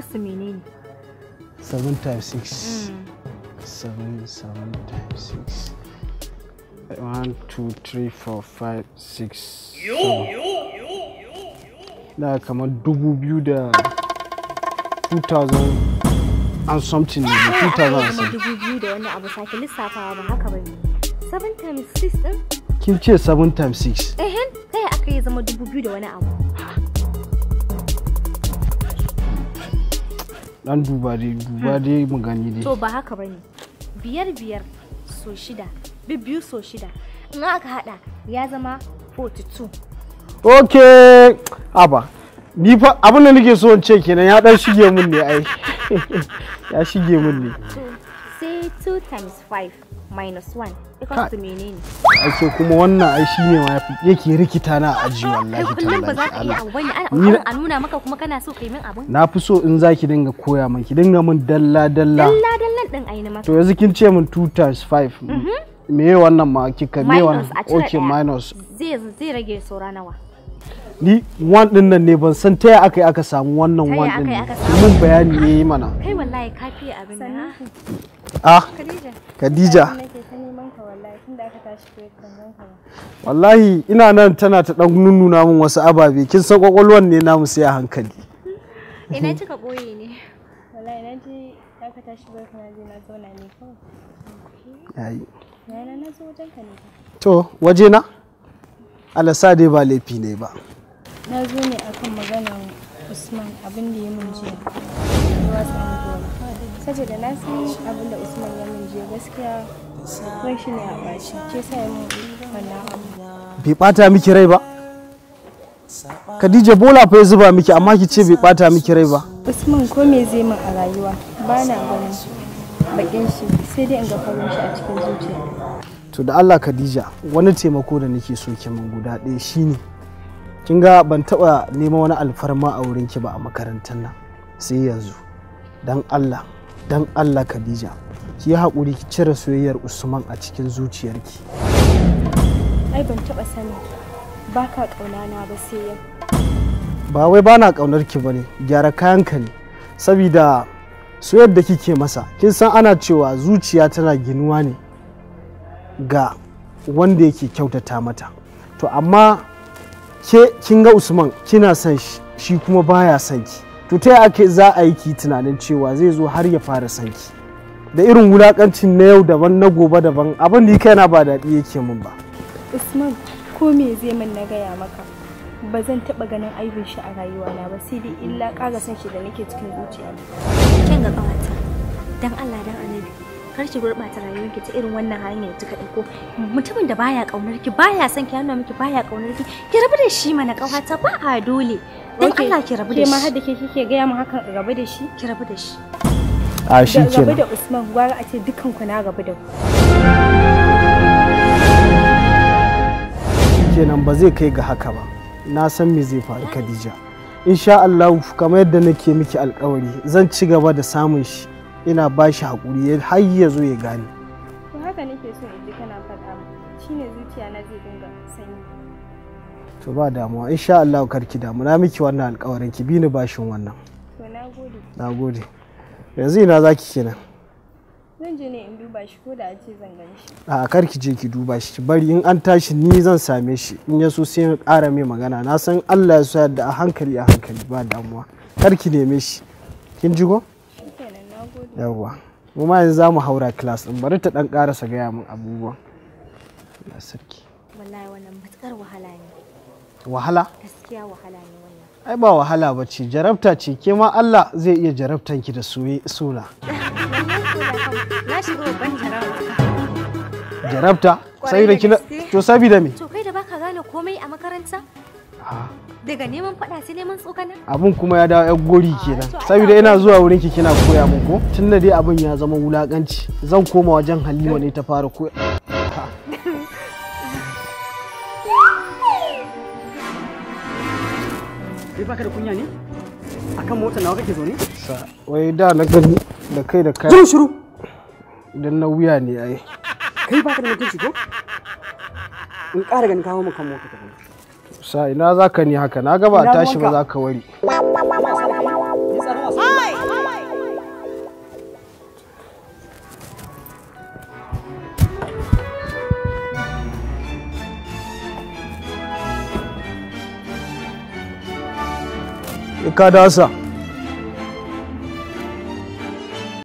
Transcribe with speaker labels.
Speaker 1: Sifas su menene? 7 times 6. 7 7 times 6. 1 2 3 4 5 6. kamar dubu biyu da 2000 and something ne 2000. Dubu biyu da wani abu sake lissafawa ba haka ba ne. 7 times 6 din? Kin ce 7 times 6. Eh, eh, eh, aka yi zama dubu biyu da wani abu. dan duba dai duba hmm. dai mu gani dai to ba haka bane biyar biyar so shida biyu so shida in aka hada ya zama 42 okay aba ni fa abin da nake so in ce kenan ya dan shige mun ne ai ya shige mun ne to say 2 times 5 minus 1 equals to menene ake kuma wannan ai ne ma yake rikita na aji wallahi ba za ka abu bane ana a nuna maka kuma kana so kai min na fi so in ki dinga koya min ki dinga min dalla dalla dalla dalla din ai maka to yanzu kin ce min 2 times 5 mm-hmm. me wannan ma kika me wannan okay minus zai zai rage saura nawa ni wan din nan ne ban san ta ya aka yi aka samu wannan wan din mun bayani ne mana kai wallahi ka fi abin nan ah Khadija wallahi ina nan tana ta dan nunnuna min wasu ababe kin san kwakwalwan ne namu sai a hankali ina kika boye ne wallahi na ji ta ka tashi bai kana je na zauna ne kawai yayi na na zo wajen ka ne to waje na alasa dai ba laifi ne ba na zo ne akan maganar usman abin da ya mun jiya saboda na san abin da usman ya mun jiya gaskiya kwan shi ne a bashi ke sa ya mun wannan bai ɓata miki rai ba Khadija bola fa ya zuba miki amma ki ce bai ɓata miki rai ba Usman ko me zai min a rayuwa ba na ganin bakin shi sai dai in ga farin shi a cikin zuciya to da Allah Khadija wani taimako da nake so ki mun guda ɗaya shine kin ga ban taba neman wani alfarma a wurin ki ba a makarantar nan sai yanzu dan Allah dan Allah Khadija ki yi haƙuri ki cire soyayyar Usman a cikin zuciyarki ai ban taɓa sani ba ka ƙaunana ba sai yau ba wai ba na ki ba ne gyara ka ne saboda soyayyar da kike masa kin san ana cewa zuciya tana ginuwa ne ga wanda yake kyautata mata to amma ke kin ga Usman kina son shi kuma baya son ki to ta ake za a yi ki tunanin cewa zai zo har ya fara son ki da irin wulakancin na yau daban na gobe daban abin da kaina ba daɗi yake min ba Usman ko me zai min na gaya maka ba zan taɓa ganin aibin shi a rayuwa na ba sai dai illa ƙara son shi da nake cikin zuciya kin ga kawata dan Allah dan Annabi kar ki gurɓata rayuwarki ta irin wannan hanyar ki kaɗai ko mutumin da baya ƙaunar ki baya son ki hannu miki baya ƙaunar ki ki rabu da shi mana ƙawata ba a dole dan Allah ki rabu da shi ke ma hadda ke kike gaya mu hakan rabu da shi ki rabu da shi ah, a shi ke rabu da Usman gwara a ce dukan ku na rabu da ku kenan ba zai kai ga haka ba na san me zai faru Khadija insha Allah kamar yadda nake miki alƙawari zan ci gaba da samun shi ina ba shi haƙuri har ya zo ya gane to haka nake so in ji kana faɗa shine zuciya na zai dinga sanyi to ba damuwa insha Allah karki damu na miki wannan alƙawarin ki bini bashin wannan to nagode nagode yanzu ina zaki kenan zan je ne in duba shi ko da ce zan gan shi a kar ki je ki duba shi bari in an tashi ni zan same shi in ya so sai ya ƙara mai magana na san Allah ya so yadda a hankali a hankali ba damuwa kar ki neme shi kin ji ko yawwa mu ma yanzu za mu haura class din bari ta dan karasa gaya min abubuwa na sarki wallahi wannan matukar wahala ne wahala gaskiya wahala ne wannan ai ba wahala ba ce jarabta ce ke ma Allah zai iya jarabtan ki da soye suna na shiga babban jarabta jarabta sai da kina to sabida me to kai da baka gane komai a makaranta daga neman faɗa sai neman tsokana abun kuma ya dawo yar gori kenan ah, saboda ina zuwa wurin ki kina koya min ko tun da dai abun ya zama wulakanci zan koma wajen halima ne ta fara koya Kai baka da kunya ne? Akan mota nawa kake zo ne? Sa, wai da na gani da kai da kai. Zan shiru. Idan na wuya ne ai. Kai baka da mutunci ko? In ƙara ganin kawo maka mota ta sa ina zaka ni haka na gaba a tashi ba zaka wari ka dasa